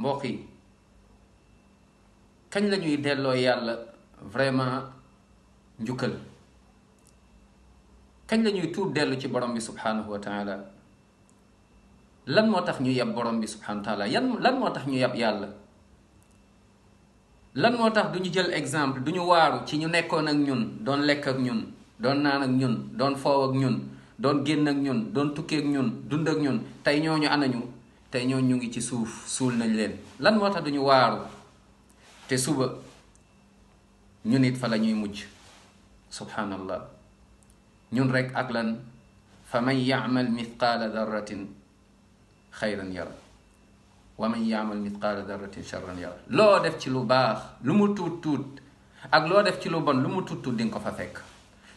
mbokk yi kañ la ñuy delloo yàlla vraiment njukkal kañ la ñuy tuub dellu ci borom bi subhanahu wa taala lan moo tax ñu yab borom bi subhanahu wa yan lan moo tax ñu yab yàlla lan moo tax du ñu jël exemple du ñu waaru ci ñu nekkoon ak ñun doon lekk ak ñun doon naan ak ñun doon foow ak ñun doon génn ak ñun doon tukki ak ñun dund ak ñun tey ñooñu anañu tey ñoo ñu ngi ci suuf suul nañ leen lan moo tax duñu waaru te suba ñu nit fa la ñuy mujj subhanallah ñun rek ak lan fa man yaamal mithqaala darratin xayran yara wa man yaamal mithqaala darratin charran yara loo def ci lu baax lu mu tuut tuut ak loo def ci lu bon lu mu tuut tuut di ko fa fekk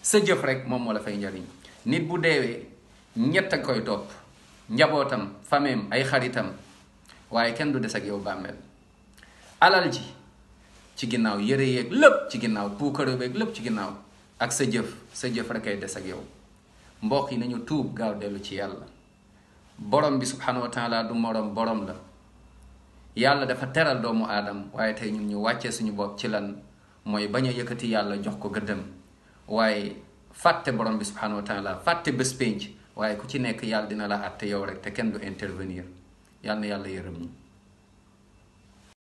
sa jëf rek moom moo la fay njariñ nit bu deewee ñett a koy topp njabootam fameem ay xaritam waaye kenn du des ak yow bàmmeel alal ji ci ginnaaw yëre yeeg lépp ci ginnaaw puukare beeg lépp ci ginnaaw ak sa jëf sa jëf rek ay des ak yow mbokk yi nañu tuub gaaw dellu ci yàlla borom bi subhanahu wa taala du morom borom la yàlla dafa teral doomu aadam waaye tey ñun ñu wàccee suñu bopp ci lan mooy bañ a yëkkati yàlla jox ko gëddëm waaye fàtte borom bi subhanahu wa taala fàtte bés pénc waaye ku ci nekk yàlla dina la àtte yow rek te kenn du intervenir yàlla na yàlla yërëm ñi